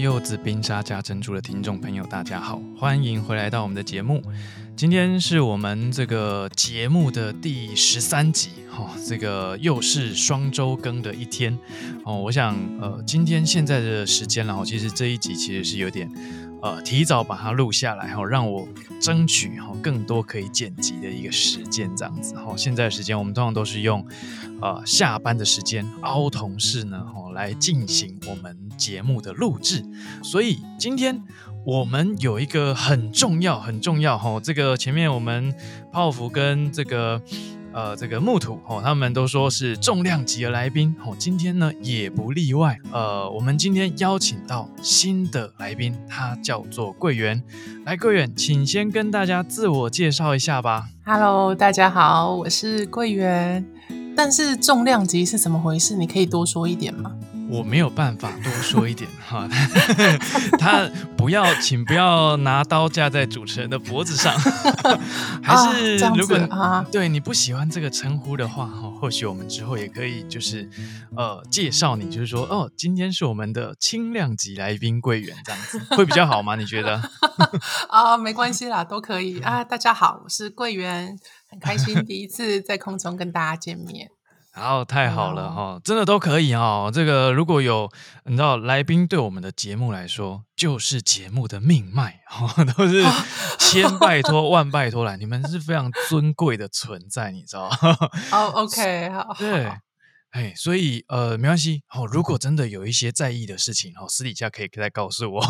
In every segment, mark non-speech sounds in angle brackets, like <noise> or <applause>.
柚子冰沙加珍珠的聽眾朋友，大家好，歡迎回來到我們的節目。今天是我們這個節目的第十三集哈、哦，這個又是雙周更的一天哦。我想呃，今天現在的時間，然後其實這一集其實是有點。呃，提早把它錄下來，哈、哦，讓我爭取哈、哦、更多可以剪輯的一個時間，這樣子，哈、哦，現在的時間我們通常都是用，呃，下班的時間，凹同事呢，哈、哦，來進行我們節目的錄製，所以今天我們有一個很重要，很重要，哈、哦，這個前面我們泡芙跟這個。呃，這個木土哦，他們都說是重量級的來賓哦，今天呢也不例外。呃，我們今天邀請到新的來賓，他叫做桂圓。來，桂圓，請先跟大家自我介紹一下吧。Hello，大家好，我是桂圓。但是重量級是怎麼回事？你可以多說一點嗎？我沒有辦法多說一點哈， <laughs> <laughs> 他不要，請不要拿刀架在主持人的脖子上， <laughs> 還是如果、啊這樣啊、對你不喜歡這個稱呼的話哈，或許我們之後也可以就是呃介紹你，就是說哦，今天是我們的輕量級來賓桂圓這樣子會比較好嗎？你覺得？ <laughs> 啊，沒關係啦，都可以啊。大家好，我是桂圓，很開心第一次在空中跟大家見面。 <laughs> 然後太好了哈、嗯，真的都可以哈。這個如果有你知道來賓，對我們的節目來說，就是節目的命脈哈，都是千拜托萬拜托來 <laughs> 你們是非常尊貴的存在，你知道嗎？哦、oh,，OK，對好。對。哎，所以呃，沒關係哦。如果真的有一些在意的事情，哦，私底下可以再告訴我。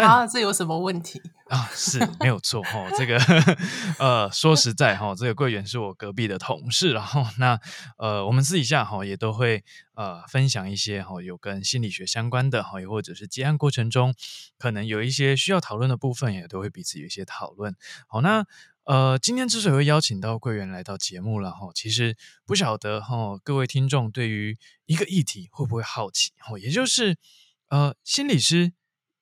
啊，這有什麼問題啊？是，沒有錯哈、哦。這個 <laughs> 呃，說實在哈、哦，這個桂圓是我隔壁的同事。然後，那呃，我們私底下哈、哦、也都會呃分享一些哈、哦、有跟心理學相關的哈，也或者是結案過程中可能有一些需要討論的部分，也都會彼此有一些討論。好，那。呃，今天之所以會邀請到桂圓來到節目了哈，其實不曉得哈、哦，各位聽眾對於一個議題會不會好奇哈、哦？也就是呃，心理師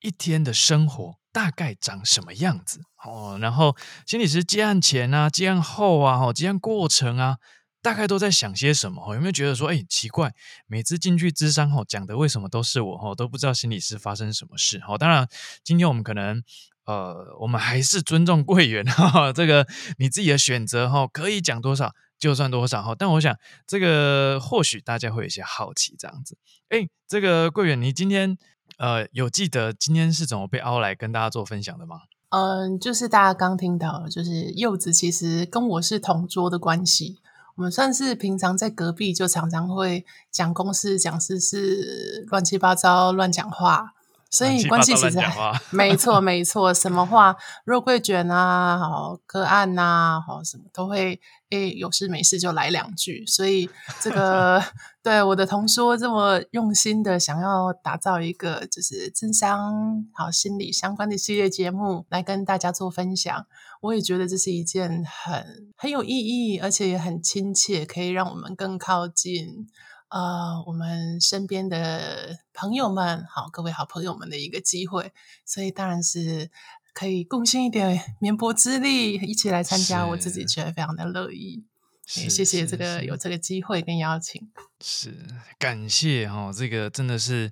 一天的生活大概長什麼樣子哦？然後心理師接案前啊、接案後啊、哈、接案過程啊，大概都在想些什麼？哦、有沒有覺得說誒，奇怪，每次進去諮商後講的為什麼都是我，都不知道心理師發生什麼事？好、哦，當然今天我們可能。呃，我們還是尊重桂圓哈，哈，這個你自己的選擇哈，可以講多少就算多少哈。但我想，這個或許大家會有些好奇，這樣子。哎、欸，這個桂圓，你今天呃有記得今天是怎麼被邀來跟大家做分享的嗎？嗯、呃，就是大家剛聽到，就是柚子其實跟我是同桌的關係，我們算是平常在隔壁就常常會講公事講私事，亂七八糟亂講話。所以，關係其實還沒錯，沒錯。什麼話，肉桂卷啊，好個案吶、啊，好什麼都會，誒、欸，有事沒事就來兩句。所以，這個 <laughs> 對我的同桌這麼用心的想要打造一個就是諮商好心理相關的系列節目來跟大家做分享，我也覺得這是一件很很有意義，而且也很親切，可以讓我們更靠近。啊、呃，我們身邊的朋友們，好，各位好朋友們的一個機會，所以當然是可以貢獻一點綿薄之力，一起來參加。是我自己覺得非常的樂意，是欸、謝謝這個是是是有這個機會跟邀請。是，感謝哈、哦，這個真的是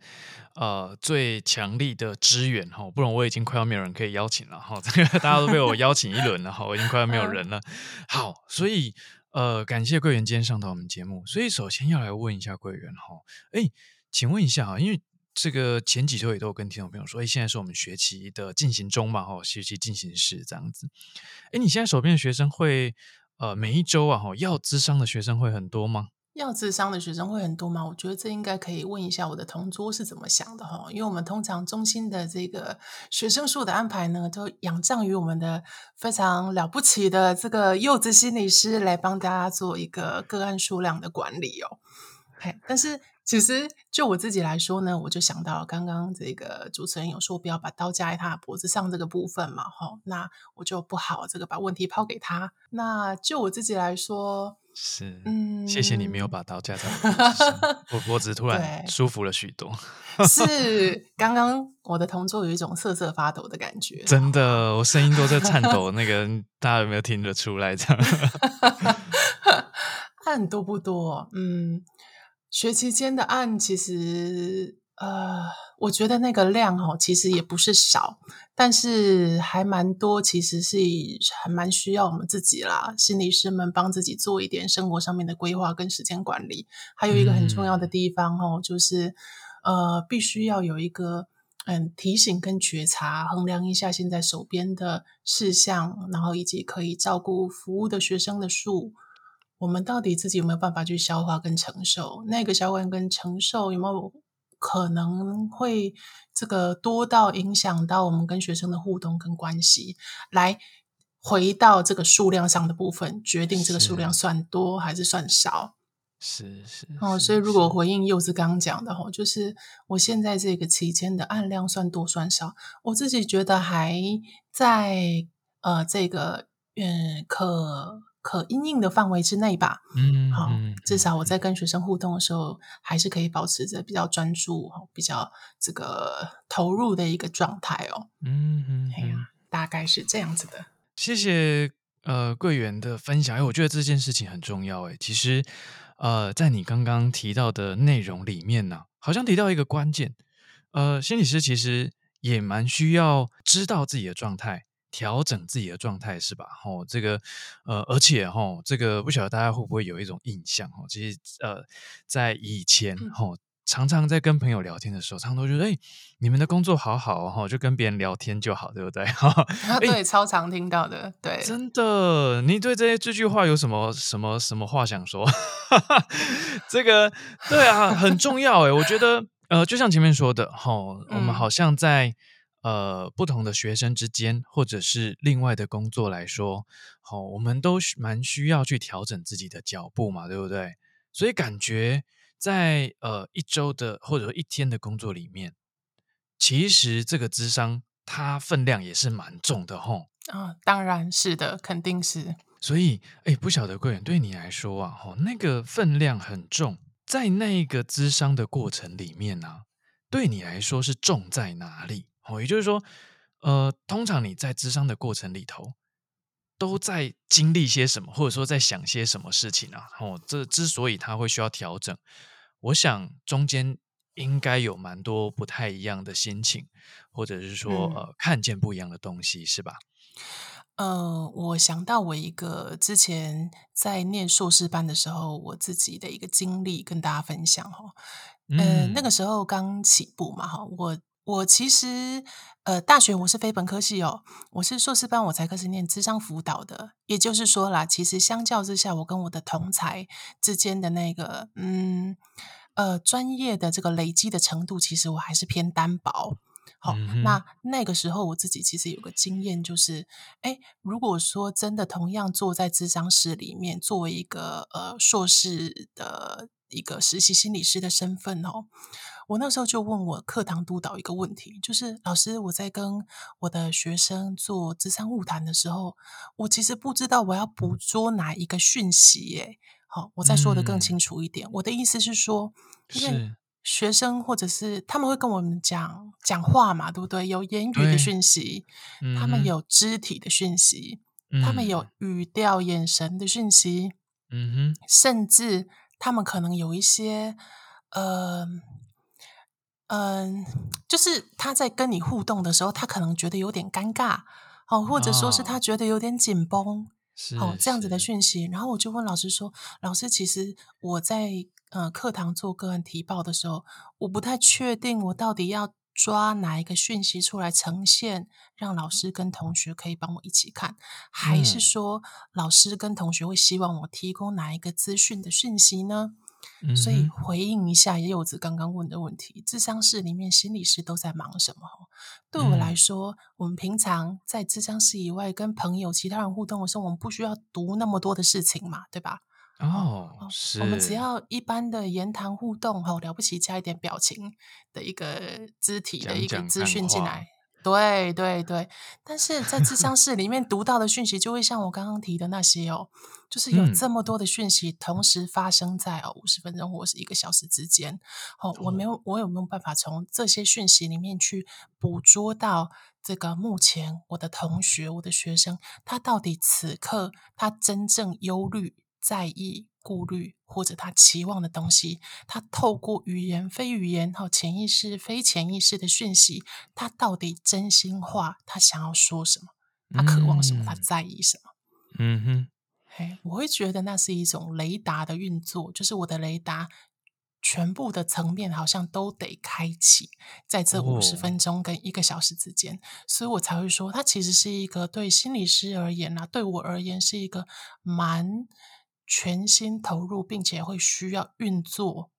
呃最強力的支援哈、哦，不然我已經快要沒有人可以邀請了哈。這、哦、個大家都被我邀請一輪了， <laughs> 好，我已經快要沒有人了。嗯、好，所以。嗯呃，感謝桂圓今天上到我們節目，所以首先要來問一下桂圓哈，哎，請問一下啊，因為這個前幾周也都有跟聽眾朋友說，哎，現在是我們學期的進行中嘛，哈，學期進行式這樣子，哎，你現在手邊的學生會，呃，每一周啊，哈，要諮商的學生會很多嗎？要諮商的學生會很多嗎？我覺得這應該可以問一下我的同桌是怎麼想的哈，因為我們通常中心的這個學生數的安排呢，都仰仗於我們的非常了不起的這個幼稚心理師來幫大家做一個個案數量的管理哦。嘿，但是其實就我自己來說呢，我就想到剛剛這個主持人有說，不要把刀架在他的脖子上這個部分嘛，吼，那我就不好這個把問題拋給他。那就我自己來說。是，謝謝你沒有把刀架在我脖子上，嗯、我脖子突然舒服了許多。對 <laughs> 是剛剛我的同桌有一種瑟瑟發抖的感覺，真的，我聲音都在顫抖。 <laughs> 那個大家有沒有聽得出來這樣？案 <laughs> 多不多，嗯，學期間的案其實。呃，我覺得那個量哦，其實也不是少，但是還蠻多。其實是還蠻需要我們自己啦，心理師們幫自己做一點生活上面的規劃跟時間管理。還有一個很重要的地方哦，嗯、就是呃，必須要有一個嗯提醒跟覺察，衡量一下現在手邊的事項，然後以及可以照顧服務的學生的數，我們到底自己有沒有辦法去消化跟承受？那個消化跟承受有沒有？可能會這個多到影響到我們跟學生的互動跟關係，來回到這個數量上的部分，決定這個數量算多還是算少。是是,是,是哦，所以如果回應柚子剛剛講的哈，是是是就是我現在這個期間的案量算多算少，我自己覺得還在呃這個嗯可。可因應的範圍之內吧。嗯，嗯，嗯、好，至少我在跟學生互動的時候，還是可以保持着比較專注、比較這個投入的一個狀態哦。嗯，嗯嗯，哎呀，大概是這樣子的。謝謝呃桂圓的分享。哎，我覺得這件事情很重要。哎，其實呃，在你剛剛提到的內容裡面呢、啊，好像提到一個關鍵，呃，心理師其實也蠻需要知道自己的狀態。調整自己的狀態是吧？吼、哦，這個，呃，而且吼、哦，這個不曉得大家會不會有一種印象哈、哦？其實，呃，在以前吼、嗯哦，常常在跟朋友聊天的時候，常常都覺得，哎、欸，你們的工作好好哦，就跟別人聊天就好，對不對？哈、哦，他對、欸，超常聽到的，對。真的，你對這些這句話有什麼什麼什麼話想說？ <laughs> 這個對啊，很重要哎， <laughs> 我覺得，呃，就像前面說的，吼、哦，我們好像在，嗯呃，不同的學生之間，或者是另外的工作來說，好、哦，我們都蠻需要去調整自己的腳步嘛，對不對？所以感覺在呃一周的或者說一天的工作裡面，其實這個諮商它分量也是蠻重的哈。啊、哦哦，當然是的，肯定是。所以，哎，不曉得桂圓對你來說啊，哈、哦，那個分量很重，在那個諮商的過程裡面呢、啊，對你來說是重在哪裡？哦，也就是說，呃，通常你在諮商的過程裡頭，都在經歷些什麼，或者說在想些什麼事情啊？哦，這之所以它會需要調整，我想中間應該有蠻多不太一樣的心情，或者是說呃，看見不一樣的東西，是吧？嗯、呃，我想到我一個之前在念碩士班的時候，我自己的一個經歷跟大家分享哈。嗯、呃，那個時候剛起步嘛，哈，我。我其實呃，大學我是非本科系哦，我是碩士班，我才開始念諮商輔導的。也就是說啦，其實相較之下，我跟我的同才之間的那個嗯呃專業的這個累積的程度，其實我還是偏單薄。好、哦，嗯、哼那那個時候我自己其實有個經驗，就是誒如果說真的同樣坐在諮商室裡面，作為一個呃碩士的。一個實習心理師的身份哦，我那時候就問我課堂督導一個問題，就是老師，我在跟我的學生做諮商晤談的時候，我其實不知道我要捕捉哪一個訊息。哎，好，我再說的更清楚一點，我的意思是說，因為學生或者是他們會跟我們講講話嘛，對不對？有言語的訊息，他們有肢體的訊息，他們有語調、眼神的訊息，嗯，甚至。他們可能有一些，呃，嗯、呃，就是他在跟你互動的時候，他可能覺得有點尷尬，哦，或者說是他覺得有點緊繃，oh, 哦，是是這樣子的訊息。然後我就問老師說：“老師，其實我在呃課堂做個案提報的時候，我不太確定我到底要。”抓哪一個訊息出來呈現，讓老師跟同學可以幫我一起看，嗯、還是說老師跟同學會希望我提供哪一個資訊的訊息呢？嗯、哼所以回應一下柚子剛剛問的問題，諮商室裡面心理師都在忙什麼？對我來說，嗯、我們平常在諮商室以外跟朋友其他人互動的時候，我們不需要讀那麼多的事情嘛，對吧？哦，哦是我們只要一般的言談互動，好、哦、了不起加一點表情、的一個肢體的一個資訊進來，講講，對對對。但是在諮商室裡面讀到的訊息，就會像我剛剛提的那些哦， <laughs> 就是有這麼多的訊息同時發生在哦五十分鐘或是一個小時之間。哦，我沒有，我有沒有辦法從這些訊息裡面去捕捉到這個目前我的同學、嗯、我的學生，他到底此刻他真正憂慮？在意、顧慮或者他期望的東西，他透過語言、非語言、和潛意識、非潛意識的訊息，他到底真心話，他想要說什麼，他渴望什麼，嗯、他在意什麼？嗯哼，hey, 我會覺得那是一種雷達的運作，就是我的雷達全部的層面好像都得開啟，在這五十分鐘跟一個小時之間，哦、所以我才會說，他其實是一個對心理師而言、啊、對我而言是一個蠻。全心投入，並且會需要運作，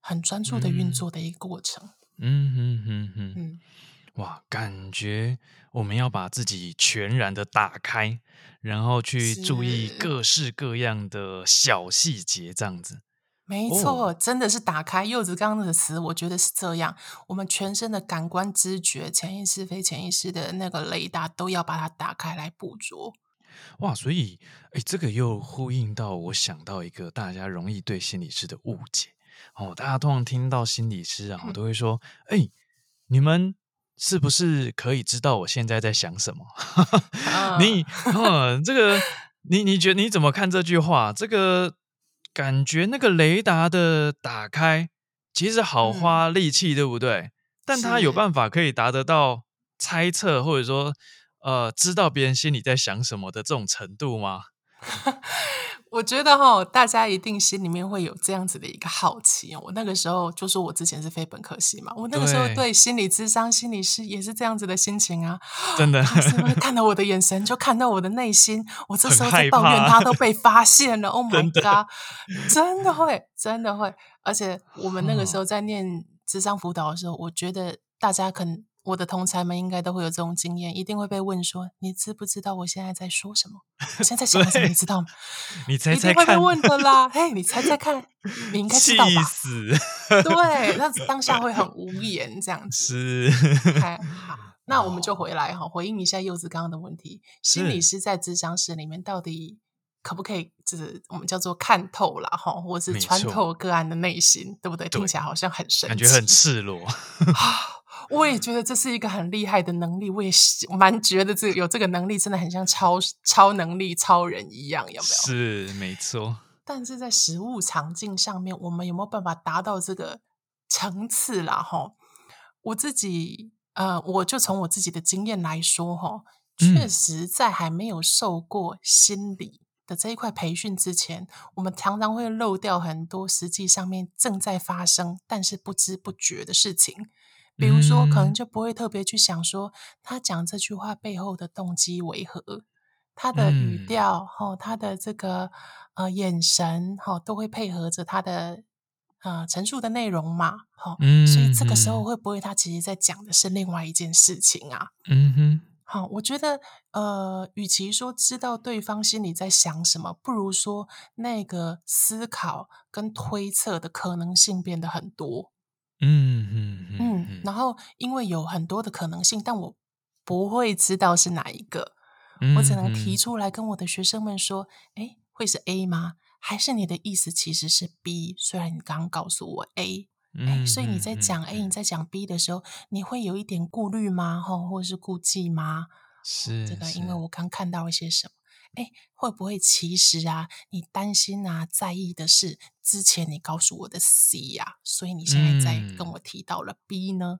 很專注的運作的一個過程。嗯哼哼哼，嗯，嗯嗯嗯，哇，感覺我們要把自己全然的打開，然後去注意各式各樣的小細節，這樣子。沒錯，哦，真的是打開。柚子剛剛的詞，我覺得是這樣。我們全身的感官知覺、潛意識、非潛意識的那個雷達，都要把它打開來捕捉。哇，所以，哎、欸，這個又呼應到我想到一個大家容易對心理師的誤解哦，大家通常聽到心理師啊，都會說，哎、嗯欸，你們是不是可以知道我現在在想什麼？嗯、 <laughs> 你，哦、嗯，這個，你，你覺得你怎麼看這句話？這個感覺那個雷達的打開，其實好花力氣，嗯、對不對？但它有辦法可以達得到猜測，是或者說。呃，知道別人心裡在想什麼的這種程度嗎？ <laughs> 我覺得哈，大家一定心裡面會有這樣子的一個好奇。我那個時候就是我之前是非本科系嘛，我那個時候對心理諮商、對心理師也是這樣子的心情啊。真的，哦、他是是看到我的眼神 <laughs> 就看到我的內心。我這時候在抱怨他都被發現了。害 <laughs> Oh my god！真的會，真的會。而且我們那個時候在念諮商輔導的時候，嗯、我覺得大家可能。我的同儕們應該都會有這種經驗，一定會被問說：“你知不知道我現在在說什麼？現在想什麼？你知道嗎？”你猜，一定會被問的啦。你猜猜看，你應該知道吧？對，那當下會很無言這樣子。好，那我們就回來哈，回應一下柚子剛剛的問題：心理師在諮商室裡面到底可不可以，就是我們叫做看透啦哈，或是穿透個案的內心，對不對？聽起來好像很神，感覺很赤裸。我也覺得這是一個很厲害的能力，我也蠻覺得這個、有這個能力真的很像超超能力超人一樣，有沒有？是沒錯。但是在實務場景上面，我們有沒有辦法達到這個層次啦？哈，我自己呃，我就從我自己的經驗來說，哈，確實，在還沒有受過心理的這一塊培訓之前，我們常常會漏掉很多實際上面正在發生但是不知不覺的事情。比如說，可能就不會特別去想說他講這句話背後的動機為何，他的語調齁，他的這個呃眼神齁，都會配合着他的呃陳述的內容嘛，齁、哦。所以這個時候會不會他其實在講的是另外一件事情啊？嗯哼。好，我覺得呃，與其說知道對方心裡在想什麼，不如說那個思考跟推測的可能性變得很多。嗯嗯嗯，然後因為有很多的可能性，但我不會知道是哪一個，我只能提出來跟我的學生們說，哎，會是 A 嗎？還是你的意思其實是 B？雖然你剛告訴我 A，哎，所以你在講 A，你在講 B 的時候，你會有一點顧慮嗎？或者是顧忌嗎？是這個，因為我剛看到一些什麼。哎，會不會其實啊，你擔心啊，在意的是之前你告訴我的 C 呀，啊，所以你現在在跟我提到了 B 呢？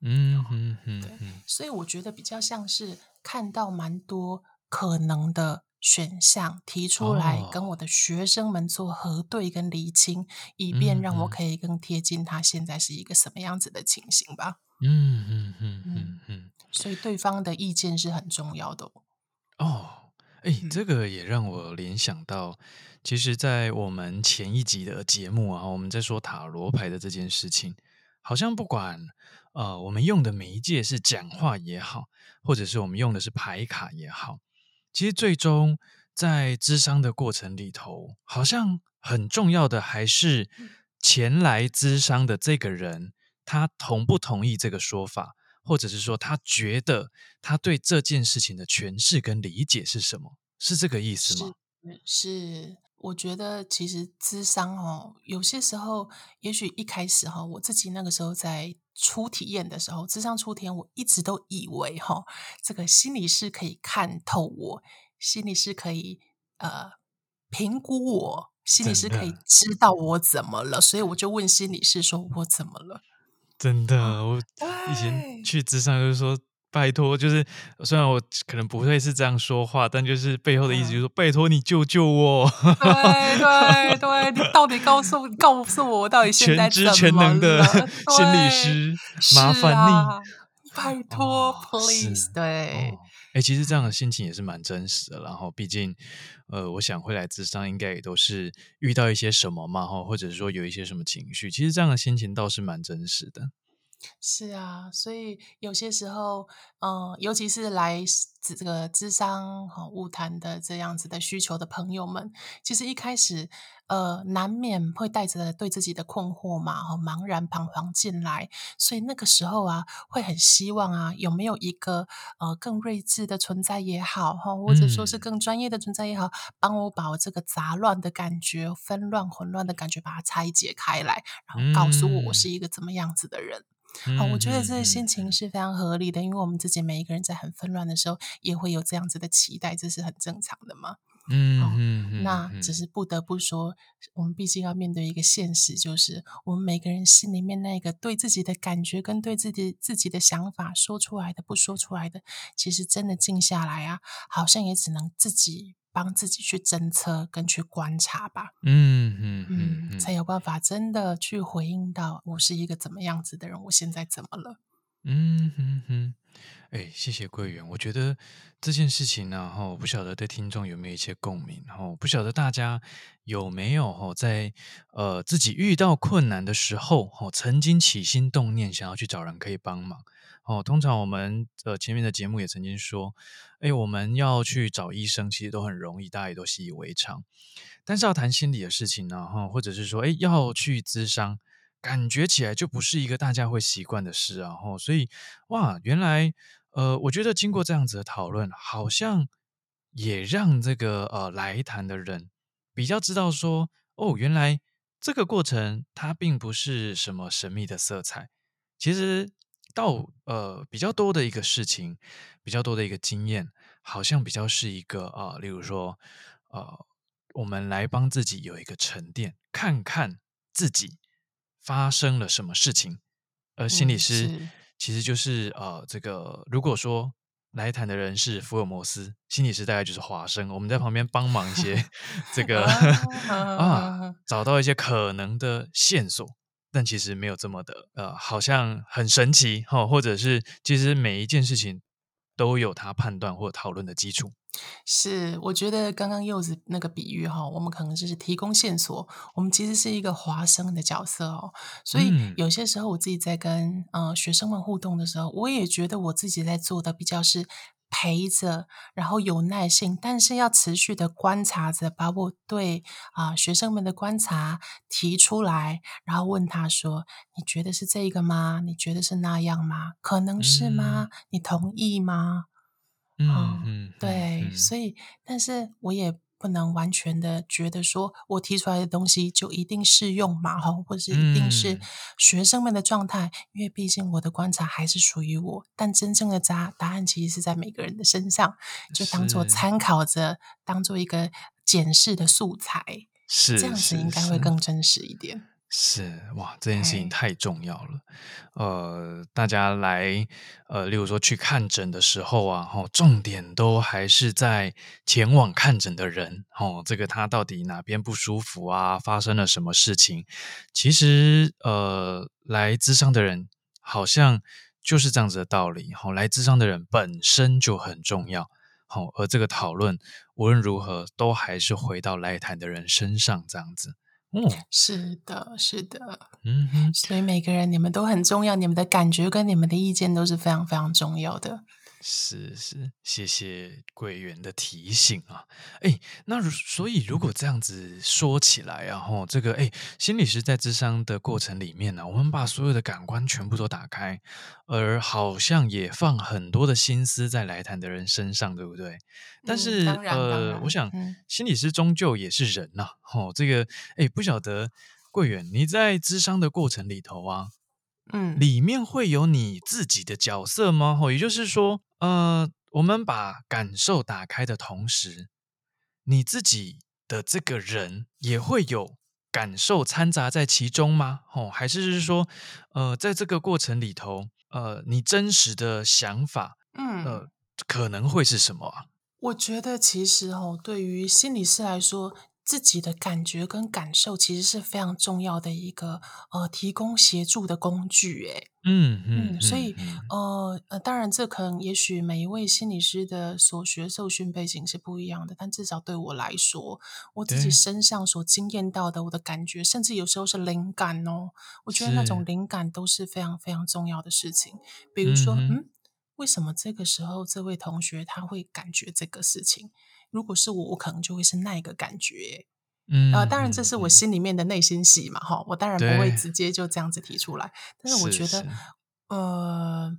嗯嗯嗯，對，所以我覺得比較像是看到蠻多可能的選項提出來，跟我的學生們做核對跟釐清，哦，以便讓我可以更貼近他現在是一個什麼樣子的情形吧。嗯嗯嗯嗯嗯，所以對方的意見是很重要的哦。哦。哎，這個也讓我聯想到，其實，在我們前一集的節目啊，我們在說塔羅牌的這件事情，好像不管呃，我們用的媒介是講話也好，或者是我們用的是牌卡也好，其實最終在諮商的過程裡頭，好像很重要的還是前來諮商的這個人，他同不同意這個說法。或者是說，他覺得他對這件事情的詮釋跟理解是什麼？是這個意思嗎？是，是，我覺得其實諮商哦，有些時候，也許一開始哈、哦，我自己那個時候在初體驗的時候，諮商初體驗，我一直都以為哈、哦，這個心理師可以看透我，心理師可以呃評估我，心理師可以知道我怎麼了，真的。所以我就問心理師說我怎麼了。真的，我以前去諮商就是說，對拜託，就是雖然我可能不會是這樣說話，但就是背後的意思就是說，嗯、拜託你救救我。對對對，對對 <laughs> 你到底告訴告訴我，我到底現在怎麼？全知全能的心理師對麻煩你，啊、拜託，please，對。哦誒、欸、其實這樣的心情也是蠻真實的。然後，畢竟，呃，我想會來諮商應該也都是遇到一些什麼嘛，或者是說有一些什麼情緒。其實這樣的心情倒是蠻真實的。是啊，所以有些時候，嗯、呃，尤其是來這個諮商和、哦、晤談的這樣子的需求的朋友們，其實一開始呃，難免會帶着對自己的困惑嘛，和、哦、茫然彷徨進來。所以那個時候啊，會很希望啊，有沒有一個呃更睿智的存在也好，哦、或者說是更專業的存在也好，幫、嗯、我把我這個雜亂的感覺、紛亂、混亂的感覺，把它拆解開來，然後告訴我我是一個怎麼樣子的人。嗯好、哦，我覺得這個心情是非常合理的，因為我們自己每一個人在很紛亂的時候，也會有這樣子的期待，這是很正常的嘛。嗯、哦，那只是不得不說，我們畢竟要面對一個現實，就是我們每個人心裡面那個對自己的感覺跟對自己自己的想法，說出來的、不說出來的，其實真的靜下來啊，好像也只能自己，幫自己去偵測跟去觀察吧，嗯嗯嗯， <noise> 才有辦法真的去回應到我是一個怎麼樣子的人，我現在怎麼了？嗯哼哼。 <noise> 哎，謝謝桂圓。我覺得這件事情呢、啊，哈，不曉得對聽眾有沒有一些共鳴。然後，不曉得大家有沒有哈，在呃自己遇到困難的時候，哈，曾經起心動念想要去找人可以幫忙。哦，通常我們呃前面的節目也曾經說，哎，我們要去找醫生，其實都很容易，大家也都習以為常。但是要談心理的事情呢，哈，或者是說，哎，要去諮商。感覺起來就不是一個大家會習慣的事啊，吼！所以哇，原來呃，我覺得經過這樣子的討論，好像也讓這個呃來談的人比較知道說，哦，原來這個過程它並不是什麼神秘的色彩，其實到呃比較多的一個事情，比較多的一個經驗，好像比較是一個啊、呃，例如說呃，我們來幫自己有一個沉澱，看看自己。發生了什麼事情？而心理師其實就是、嗯、是呃，這個如果說來談的人是福爾摩斯，心理師大概就是華生，我們在旁邊幫忙一些、嗯、 <laughs> 這個 <laughs> <laughs> 啊，找到一些可能的線索，但其實沒有這麼的呃，好像很神奇哈、哦，或者是其實每一件事情都有他判斷或討論的基礎。是，我覺得剛剛柚子那個比喻哈，我們可能就是提供線索，我們其實是一個華生的角色哦。所以有些時候我自己在跟，嗯，呃，學生們互動的時候，我也覺得我自己在做的比較是。陪着，然後有耐心，但是要持續的觀察着，把我對啊、呃、學生們的觀察提出來，然後問他說：“你覺得是這個嗎？你覺得是那樣嗎？可能是嗎？嗯、你同意嗎？”嗯嗯、對，嗯、所以，但是我也。不能完全的覺得說，我提出來的東西就一定適用嘛？哈，或是一定是學生們的狀態？嗯、因為畢竟我的觀察還是屬於我。但真正的答答案其實是在每個人的身上，就當做參考着，是當做一個檢視的素材。是這樣子，應該會更真實一點。是是是。是哇，這件事情太重要了。嘿呃，大家來呃，例如說去看診的時候啊，哈、哦，重點都還是在前往看診的人。哦，這個他到底哪邊不舒服啊？發生了什麼事情？其實，呃，來諮商的人好像就是這樣子的道理。好、哦，來諮商的人本身就很重要。好、哦，而這個討論無論如何都還是回到來談的人身上，這樣子。嗯，是的，是的，嗯哼，所以每個人，你們都很重要，你們的感覺跟你們的意見都是非常非常重要的。是是，謝謝桂圓的提醒啊！哎，那如所以如果這樣子說起來啊，吼、嗯、這個哎，心理師在諮商的過程裡面呢、啊，我們把所有的感官全部都打開，而好像也放很多的心思在來談的人身上，對不對？嗯、但是當然呃，當然我想、嗯、心理師終究也是人吶、啊，吼這個哎，不曉得桂圓你在諮商的過程裡頭啊。嗯，裡面會有你自己的角色嗎？哦，也就是說，呃，我們把感受打開的同時，你自己的這個人也會有感受摻雜在其中嗎？哦，還是就是說，呃，在這個過程裡頭，呃，你真實的想法，嗯，呃，可能會是什麼啊？我覺得其實哦，對於心理師來說。.自己的感覺跟感受其實是非常重要的一個呃，提供協助的工具、欸。哎、嗯，嗯嗯，所以呃呃，當然這可能也許每一位心理師的所學受訓背景是不一樣的，但至少對我來說，我自己身上所經驗到的，我的感覺，對甚至有時候是靈感哦。我覺得那種靈感都是非常非常重要的事情。是比如說，嗯，哼嗯，為什麼這個時候這位同學他會感覺這個事情？如果是我，我可能就會是那一個感覺，嗯，啊、呃，當然這是我心裡面的內心戲嘛，哈，我當然不會直接就這樣子提出來。對但是我覺得，是是呃，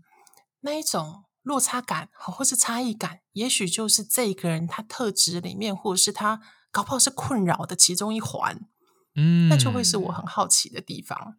那一種落差感，或是差異感，也許就是這個人他特質裡面，或是他搞不好是困擾的其中一環，嗯，那就會是我很好奇的地方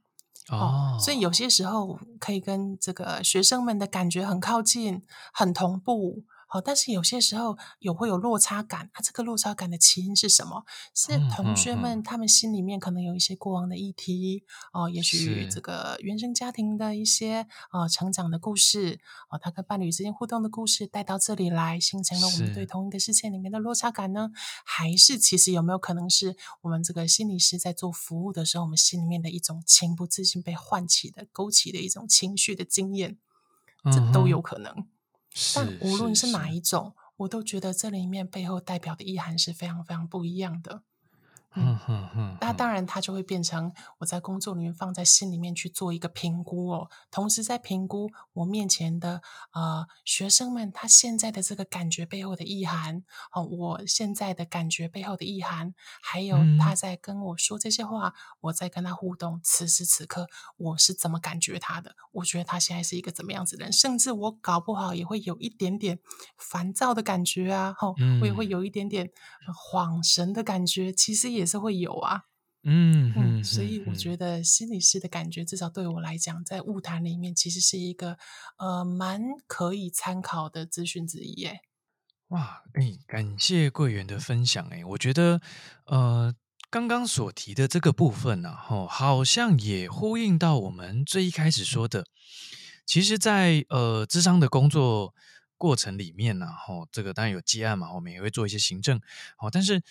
哦，哦。所以有些時候可以跟這個學生們的感覺很靠近，很同步。好，但是有些時候有會有落差感。啊，這個落差感的起因是什麼？是同學們他們心裡面可能有一些過往的議題，哦、嗯嗯嗯啊，也許這個原生家庭的一些是啊成長的故事，哦、啊，他跟伴侶之間互動的故事帶到這裡來，形成了我們對同一個事件裡面的落差感呢？是還是其實有沒有可能是我們這個心理師在做服務的時候，我們心裡面的一種情不自禁被喚起的、勾起的一種情緒的經驗，這個、都有可能。嗯嗯但無論是哪一種，我都覺得這裡面背後代表的意涵是非常非常不一樣的。嗯哼哼，那當然，他就會變成我在工作裡面放在心裡面去做一個評估哦。同時，在評估我面前的呃學生們，他現在的這個感覺背後的意涵哦，我現在的感覺背後的意涵，還有他在跟我說這些話，我在跟他互動，此時此刻我是怎麼感覺他的？我覺得他現在是一個怎麼樣子的人？甚至我搞不好也會有一點點煩躁的感覺啊。哦，我也會有一點點。恍神的感覺其實也是會有啊，嗯，嗯，所以我覺得心理師的感覺，嗯、至少對我來講，在晤談裡面其實是一個呃蠻可以參考的資訊之一耶。哎，哇，哎、欸，感謝桂圓的分享，欸。哎，我覺得呃剛剛所提的這個部分呢，吼，好像也呼應到我們最一開始說的，其實在，在呃諮商的工作，過程裡面然、啊、後這個當然有個案嘛，我們也會做一些行政，哦，但是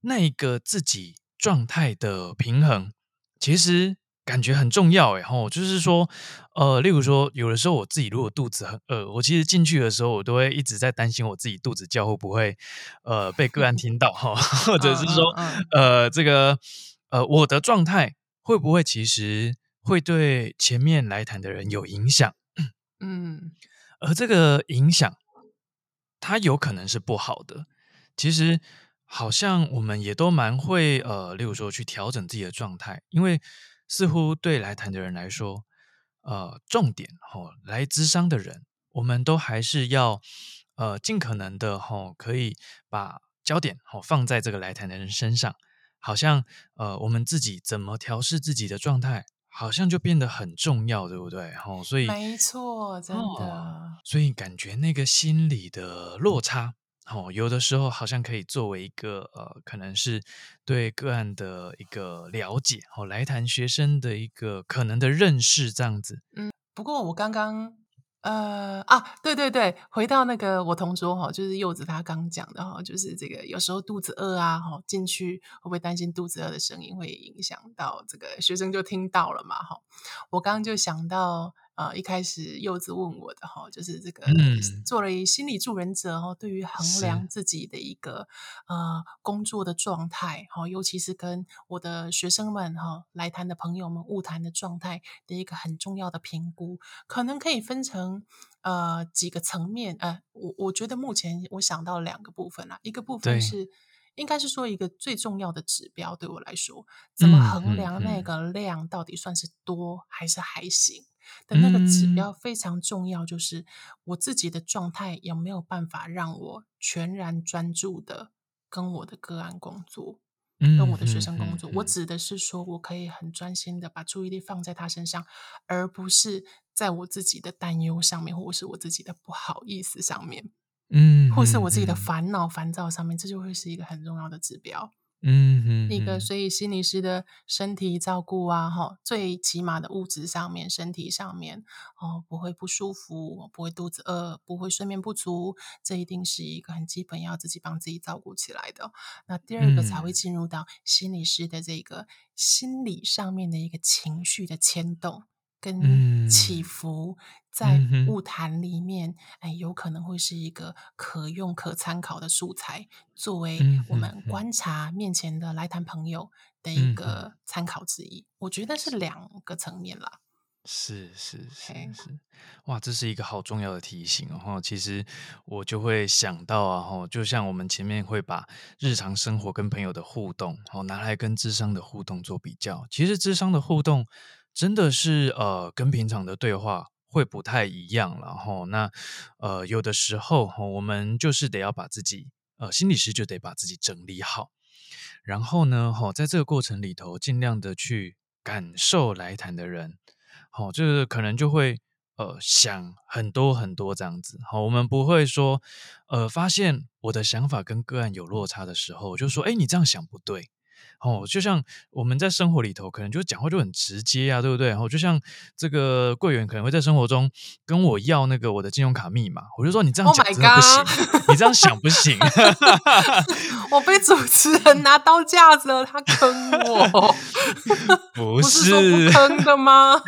那一個自己狀態的平衡，其實感覺很重要，然後吼，就是說，呃，例如說，有的時候我自己如果肚子很餓、呃，我其實進去的時候，我都會一直在擔心我自己肚子叫會不會，呃，被個案聽到，哈， <laughs> 或者是說，啊啊啊呃，這個，呃，我的狀態會不會其實會對前面來談的人有影響？嗯。而這個影響，它有可能是不好的。其實，好像我們也都蠻會，呃，例如說去調整自己的狀態，因為似乎對來談的人來說，呃，重點哦，來諮商的人，我們都還是要呃，盡可能的吼，可以把焦點吼放在這個來談的人身上，好像呃，我們自己怎麼調試自己的狀態。好像就變得很重要，對不對？哦、所以沒錯，真的、嗯，所以感覺那個心理的落差，哦、有的時候好像可以作為一個呃，可能是對個案的一個了解，吼、哦，來談學生的一個可能的認識，這樣子。嗯，不過我剛剛。呃啊，對對對，回到那個我同桌哈，就是柚子他剛講的哈，就是這個有時候肚子餓啊哈，進去會不會擔心肚子餓的聲音會影響到這個學生就聽到了嘛哈？我剛就想到。一開始柚子問我的哈，就是這個做了、嗯、心理助人者哦，對於衡量自己的一個是呃工作的狀態，哈，尤其是跟我的學生們哈、呃、來談的朋友們晤談的狀態的一個很重要的評估，可能可以分成呃幾個層面。呃，我我覺得目前我想到兩個部分啦，一個部分是對應該是說一個最重要的指標對我來說，怎麼衡量那個量到底算是多、嗯、還是還行。但那個指標非常重要，就是我自己的狀態有沒有辦法讓我全然專注的跟我的個案工作，嗯、跟我的學生工作。嗯、我指的是說，我可以很專心的把注意力放在他身上，而不是在我自己的擔憂上面，或是我自己的不好意思上面，嗯，或是我自己的煩惱、煩躁上面，這就會是一個很重要的指標。嗯哼，哼，那個，所以心理師的身體照顧啊，哈，最起碼的物質上面、身體上面，哦，不會不舒服，不會肚子餓，不會睡眠不足，這一定是一個很基本，要自己幫自己照顧起來的。那第二個才會進入到心理師的這個心理上面的一個情緒的牽動，跟起伏在物壇裡面，嗯、哼哎，有可能會是一個可用、可參考的素材，作為我們觀察面前的來談朋友的一個參考之一。嗯、哼我覺得是兩個層面啦。是是是、是，哇，這是一個好重要的提醒哦，其實我就會想到啊，哦，就像我們前面會把日常生活跟朋友的互動，哦，拿來跟諮商的互動做比較。其實諮商的互動。真的是呃，跟平常的對話會不太一樣了後、哦、那呃，有的時候哈、哦，我們就是得要把自己呃心理師就得把自己整理好，然後呢哈、哦，在這個過程裡頭，儘量的去感受來談的人，好、哦，就是可能就會呃想很多很多這樣子。好、哦，我們不會說呃，發現我的想法跟個案有落差的時候，就說哎，你這樣想不對。哦，就像我們在生活裡頭，可能就講話就很直接啊，對不對？然後就像這個桂圓可能會在生活中跟我要那個我的信用卡密碼，我就說你這樣講真不行，Oh my God，你這樣想不行。 <laughs> 我被主持人拿刀架着，他坑我， <laughs> 不是，不是說不坑的嗎？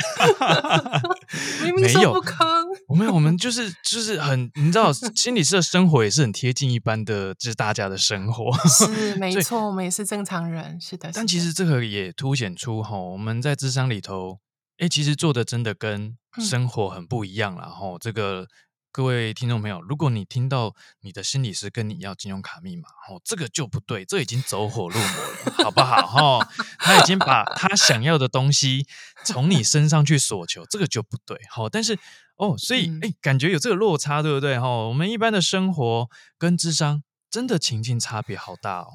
<laughs> 明明說不坑。 <laughs> 我們我們就是就是很，你知道，心理師的生活也是很貼近一般的，就是大家的生活。 <laughs> 是，沒錯，以我們也是正常人，是的。是的，但其實這個也凸顯出齁，我們在智商裡頭，哎、欸，其實做的真的跟生活很不一樣了齁。這個各位聽眾朋友，如果你聽到你的心理師跟你要金融卡密碼，齁，這個就不對，這已經走火入魔了， <laughs> 好不好？齁，他已經把他想要的東西從你身上去索求， <laughs> 這個就不對。好，但是。哦，oh, 所以哎、嗯，感覺有這個落差，對不對哦，我們一般的生活跟諮商真的情境差別好大哦。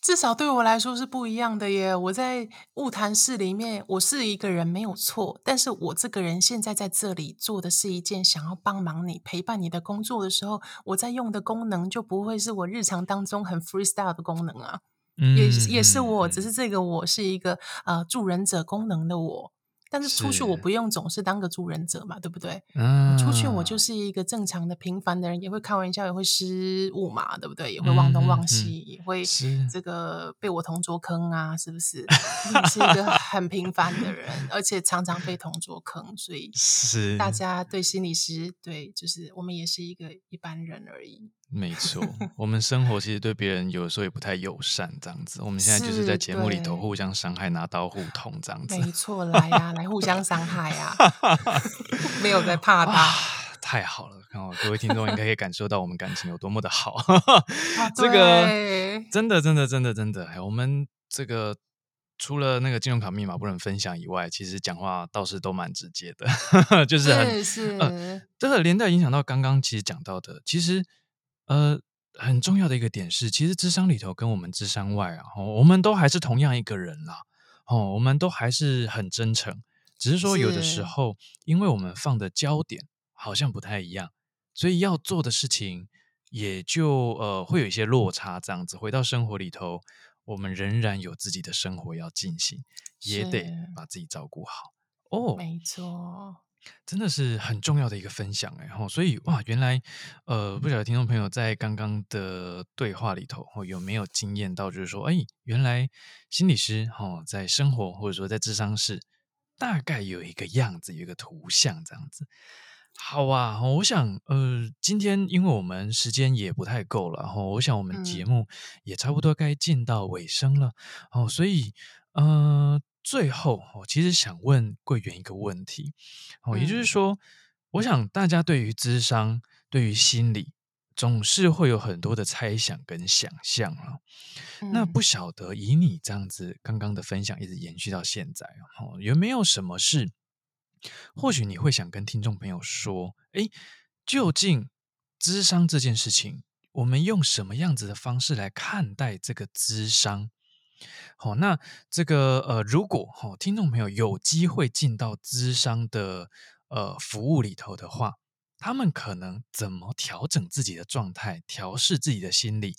至少對我來說是不一樣的耶。我在諮商室裡面，我是一個人沒有錯，但是我這個人現在在這裡做的是一件想要幫忙你、陪伴你的工作的時候，我在用的功能就不會是我日常當中很 freestyle 的功能啊。也、嗯、也是我，只是這個我是一個啊、呃、助人者功能的我。但是出去我不用總是當個助人者嘛，是對不對？嗯、出去我就是一個正常的平凡的人，也會開玩笑，也會失誤嘛，對不對？也會忘東忘西，嗯嗯嗯、也會這個被我同桌坑啊，是，是不是？你是一個很平凡的人， <laughs> 而且常常被同桌坑，所以大家對心理師，對，就是我們也是一個一般人而已。沒錯，我們生活其實對別人有的時候也不太友善，這樣子。我們現在就是在節目裡頭互相傷害，拿刀互捅，這樣子。沒錯，來呀、啊， <laughs> 來互相傷害啊！ <laughs> 沒有在怕他、啊，太好了。各位聽眾應該可以感受到我們感情有多麼的好。 <laughs> 啊、這個真的真的真的真的，我們這個除了那個信用卡密碼不能分享以外，其實講話倒是都蠻直接的， <laughs> 就是很是這個、呃、連帶影響到剛剛其實講到的，其實。呃，很重要的一個點是，其實諮商裡頭跟我們諮商外啊，我們都還是同樣一個人啦。哦，我們都還是很真誠，只是說有的時候，是因為我們放的焦點好像不太一樣，所以要做的事情也就呃會有一些落差。這樣子，回到生活裡頭，我們仍然有自己的生活要進行，也得把自己照顧好。哦是，oh, 沒錯。真的是很重要的一個分享吼！所以哇，原來呃，不曉得聽眾朋友在剛剛的對話裡頭，有沒有經驗到？就是說，哎，原來心理師哈、呃，在生活或者說在諮商室，大概有一個樣子，有一個圖像這樣子。好啊，我想呃，今天因為我們時間也不太夠了，吼，我想我們節目也差不多該進到尾聲了，嗯、哦，所以呃。最後，我其實想問桂圓一個問題，哦，也就是說，嗯、我想大家對於諮商、對於心理，總是會有很多的猜想跟想象啊。嗯、那不曉得以你這樣子剛剛的分享，一直延續到現在，哦，有沒有什麼事？嗯、或許你會想跟聽眾朋友說，誒，究竟諮商這件事情，我們用什麼樣子的方式來看待這個諮商？好、哦，那這個呃，如果哈、哦、聽眾朋友有機會進到諮商的呃服務裡頭的話，他們可能怎麼調整自己的狀態，調適自己的心理，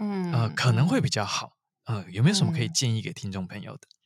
嗯呃，可能會比較好。呃，有沒有什麼可以建議給聽眾朋友的？嗯嗯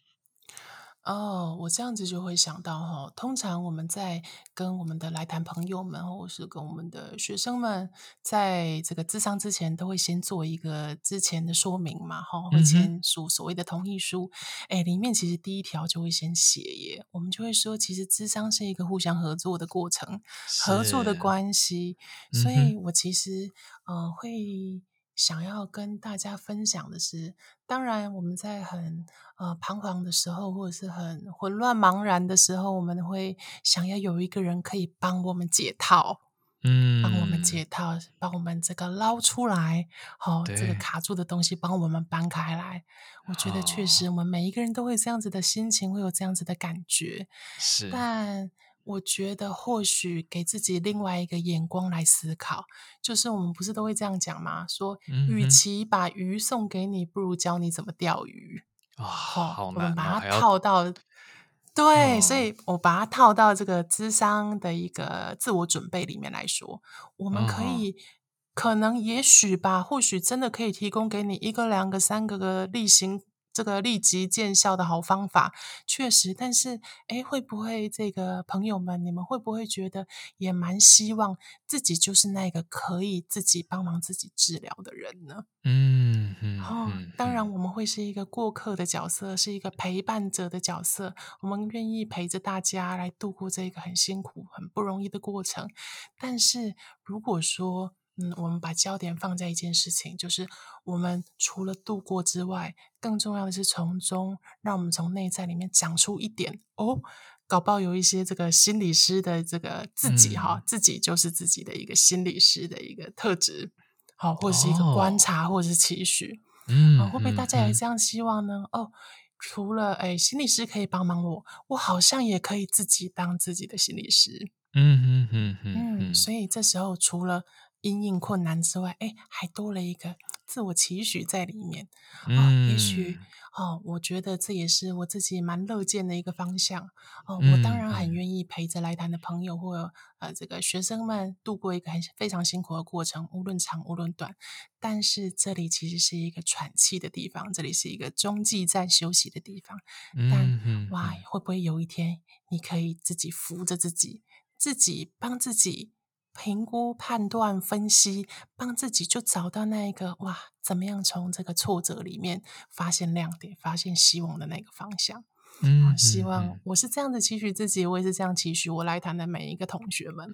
哦，oh, 我這樣子就會想到哈，通常我們在跟我們的來談朋友們，或者是跟我們的學生們，在這個諮商之前，都會先做一個之前的說明嘛，哈，會簽署所謂的同意書。哎、嗯哼欸，裡面其實第一條就會先寫耶，我們就會說，其實諮商是一個互相合作的過程，是合作的關係。嗯、哼所以我其實呃，會想要跟大家分享的是。當然，我們在很呃彷徨的時候，或者是很混亂茫然的時候，我們會想要有一個人可以幫我們解套，嗯，幫我們解套，幫我們這個撈出來，好、哦，對這個卡住的東西幫我們搬開來。我覺得確實，我們每一個人都會有這樣子的心情，oh. 會有這樣子的感覺。是，但。我覺得或許給自己另外一個眼光來思考，就是我們不是都會這樣講嗎？說，與其把魚送給你，不如教你怎麼釣魚啊、哦哦！好難，我們把它套到、哦、對，哦、所以我把它套到這個諮商的一個自我準備裡面來說，我們可以，哦、可能，也許吧，或許真的可以提供給你一個、兩個、三個個例行。這個立即見效的好方法，確實。但是，誒，會不會這個朋友們，你們會不會覺得也蠻希望自己就是那個可以自己幫忙自己治療的人呢？嗯，嗯，嗯，哦，當然我們會是一個過客的角色，是一個陪伴者的角色。我們願意陪着大家來度過這個很辛苦、很不容易的過程。但是如果說，嗯，我們把焦點放在一件事情，就是我們除了度過之外，更重要的是從中讓我們從內在裡面講出一點哦，搞不好有一些這個心理師的這個自己哈、嗯哦，自己就是自己的一個心理師的一個特質，好、哦，或是一個觀察，或者是期許，嗯、哦啊，會不會大家也這樣希望呢？嗯嗯、哦，除了哎，心理師可以幫忙我，我好像也可以自己當自己的心理師，嗯嗯嗯嗯，嗯嗯嗯，所以這時候除了。因應困難之外，哎，還多了一個自我期許在裡面。哦、嗯啊，也許，哦、啊，我覺得這也是我自己蠻樂見的一個方向。哦、啊，我當然很願意陪着來談的朋友或呃這個學生們度過一個很非常辛苦的過程，無論長無論短。但是這裡其實是一個喘氣的地方，這裡是一個中繼站休息的地方。但哇，會不會有一天你可以自己扶着自己，自己幫自己？評估、判斷、分析，幫自己就找到那一個哇，怎麼樣從這個挫折裡面發現亮點、發現希望的那個方向？嗯哼、啊，希望我是這樣子期許自己，我也是這樣期許我來談的每一個同學們。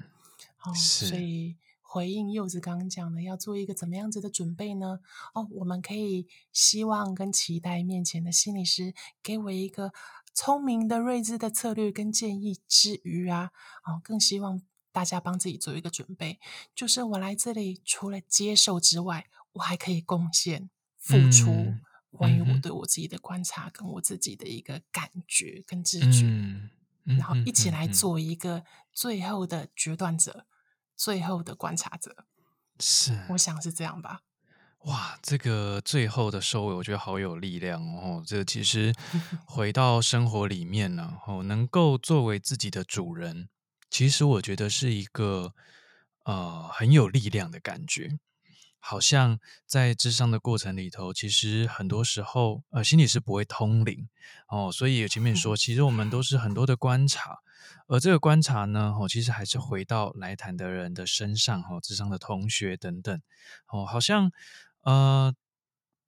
哦，是所以回應柚子剛剛講的，要做一個怎麼樣子的準備呢？哦，我們可以希望跟期待面前的心理師給我一個聰明的、睿智的策略跟建議之餘啊，哦，更希望。大家幫自己做一個準備，就是我來這裡除了接受之外，我還可以貢獻、付出。關於、嗯嗯、我對我自己的觀察，跟我自己的一個感覺跟知覺，嗯嗯、然後一起來做一個最後的決斷者、嗯嗯嗯、最後的觀察者。是，我想是這樣吧。哇，這個最後的收尾，我覺得好有力量哦。這個、其實回到生活裡面、啊，然後能夠作為自己的主人。其實我覺得是一個呃很有力量的感覺，好像在諮商的過程裡頭，其實很多時候呃心理是不會通靈哦，所以前面說，其實我們都是很多的觀察，而這個觀察呢，我、哦、其實還是回到來談的人的身上哈、哦，諮商的同學等等哦，好像呃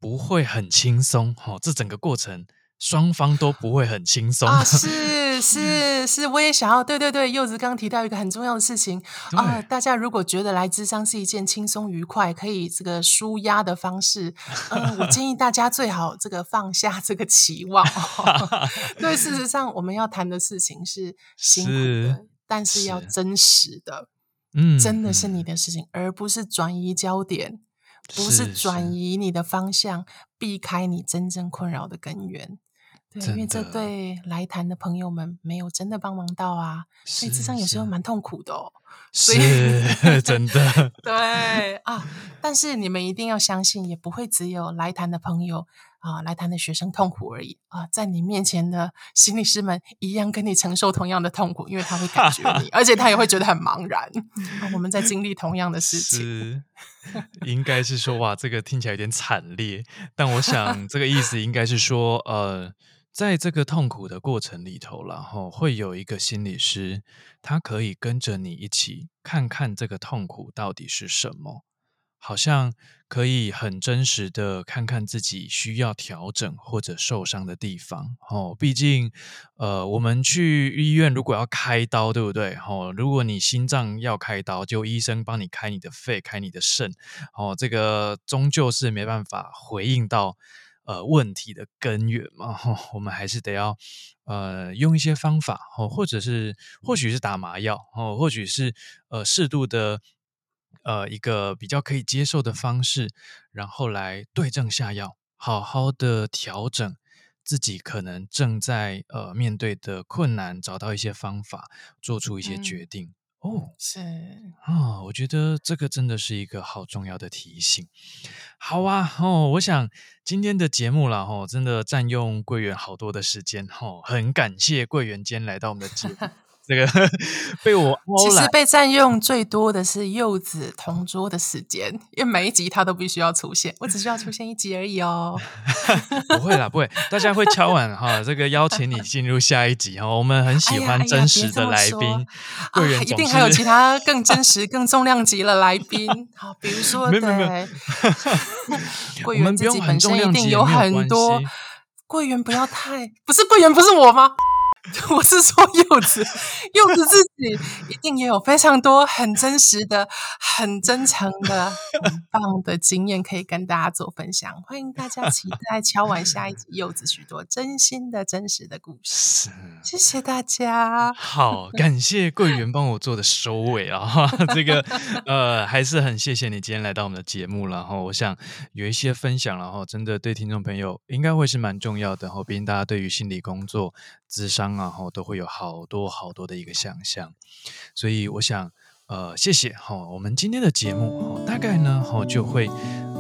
不會很輕鬆哦，這整個過程雙方都不會很輕鬆、啊是是，是我也想要。對對對，柚子剛剛提到一個很重要的事情啊對、呃，大家如果覺得來諮商是一件輕鬆愉快、可以這個舒壓的方式，嗯，我建議大家最好這個放下這個期望。 <laughs> <laughs> 對，事實上我們要談的事情是辛苦的，是但是要真實的，嗯是，真的是你的事情，嗯、而不是轉移焦點，不是轉移你的方向，是是避開你真正困擾的根源。對，因為這對來談的朋友們沒有真的幫忙到啊，是所以諮商有時候蠻痛苦的哦。是真的，對啊。但是你們一定要相信，也不會只有來談的朋友啊，來談的學生痛苦而已啊。在你面前的心理師們一樣跟你承受同樣的痛苦，因為他會感覺你， <laughs> 而且他也會覺得很茫然。 <laughs> 然後我們在經歷同樣的事情，應該是說哇， <laughs> 這個聽起來有點慘烈。但我想這個意思應該是說，呃。在這個痛苦的過程裡頭，然後會有一個心理師，他可以跟着你一起看看這個痛苦到底是什麼，好像可以很真實的看看自己需要調整或者受傷的地方。哦，畢竟，呃，我們去醫院如果要開刀，對不對？哦，如果你心臟要開刀，就醫生幫你開你的肺、開你的腎。哦，這個終究是沒辦法回應到。呃，問題的根源嘛，哦，我們還是得要呃，用一些方法哦，或者是或許是打麻藥哦，或許是呃適度的呃一個比較可以接受的方式，然後來對症下藥，好好的調整自己可能正在呃面對的困難，找到一些方法，做出一些決定。嗯。哦，是啊，我覺得這個真的是一個好重要的提醒。好啊，哦，我想今天的節目啦，哦，真的占用桂圓好多的時間，哦，很感謝桂圓今天來到我們的節目。 <laughs> 這個被我其實被占用最多的是柚子同桌的時間，因為每一集他都必須要出現，我只需要出現一集而已哦。 <laughs> 不會啦，不會，大家會敲碗哈。 <laughs> 這個邀請你進入下一集，我們很喜歡真實的來賓。哎哎、貴啊，一定還有其他更真實、 <laughs> 更重量級的來賓。好，比如說對，桂圓沒 <laughs> 自己本身一定有很多桂圓，不，桂圓不要太不是桂圓，不是我嗎？ <laughs> 我是說柚子，柚子自己一定也有非常多很真實的、很真誠的、很棒的經驗可以跟大家做分享，歡迎大家期待敲完下一集柚子許多真心的真實的故事。啊、謝謝大家，好，感謝桂圓幫我做的收尾啊， <laughs> <laughs> 這個呃還是很謝謝你今天來到我們的節目了，然後我想有一些分享了，然後真的對聽眾朋友應該會是蠻重要的，然後畢竟大家對於心理工作、諮商。然後都會有好多好多的一個想象，所以我想，呃，謝謝。好、哦，我們今天的節目，好、哦，大概呢，好、哦，就會，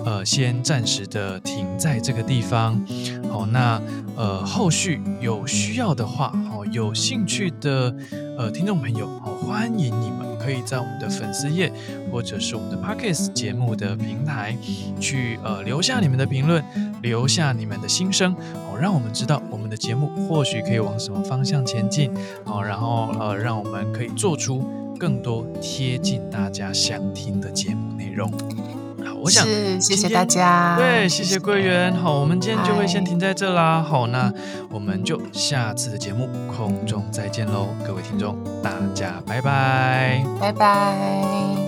呃，先暫時的停在這個地方。好、哦，那呃，後續有需要的話，好、哦，有興趣的呃聽眾朋友，好、哦，歡迎你們可以在我們的粉絲頁或者是我們的 podcast 節目的平台去呃留下你們的評論。留下你們的心聲，好，讓我們知道我們的節目或許可以往什麼方向前進，好，然後呃、啊，讓我們可以做出更多貼近大家想聽的節目內容。好，我想是謝謝大家，對，謝謝桂圓。謝謝好，我們今天就會先停在這啦。拜拜好，那我們就下次的節目空中再見嘍，各位聽眾，嗯、大家拜拜，拜拜。